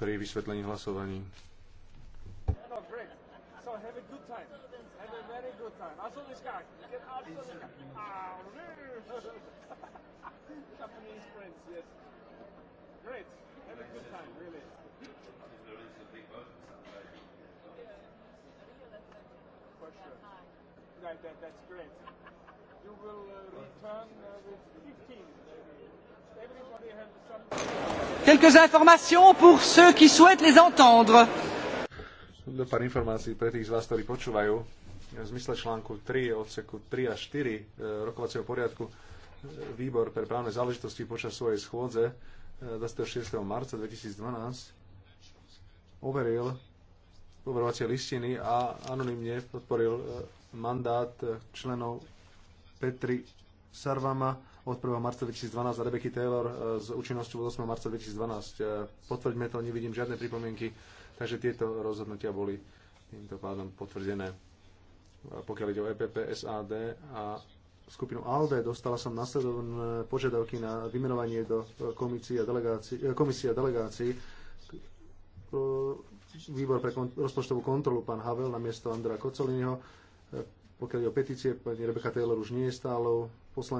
pri vysvetlení hlasovaní. Ah, great. Have a good time, really. There For sure. That, that, that's great. You will uh, return. Quelques informations pour ceux qui souhaitent les entendre. Do pár informácií pre tých z vás, ktorí počúvajú. V zmysle článku 3, odseku 3 a 4 e, rokovacieho poriadku e, výbor pre právne záležitosti počas svojej schôdze 26. E, marca 2012 overil overovacie listiny a anonymne podporil mandát členov Petri Sarvama od 1. marca 2012 a Rebeky Taylor e, s účinnosťou od 8. marca 2012. E, potvrďme to, nevidím žiadne pripomienky, takže tieto rozhodnutia boli týmto pádom potvrdené. E, pokiaľ ide o EPP, SAD a skupinu ALDE, dostala som nasledovné požiadavky na vymenovanie do komisie a delegácií, výbor pre kont- rozpočtovú kontrolu pán Havel na miesto Andra Kocoliniho, pokiaľ je o petície, pani Rebeka Taylor už nie je stálou poslankyňou.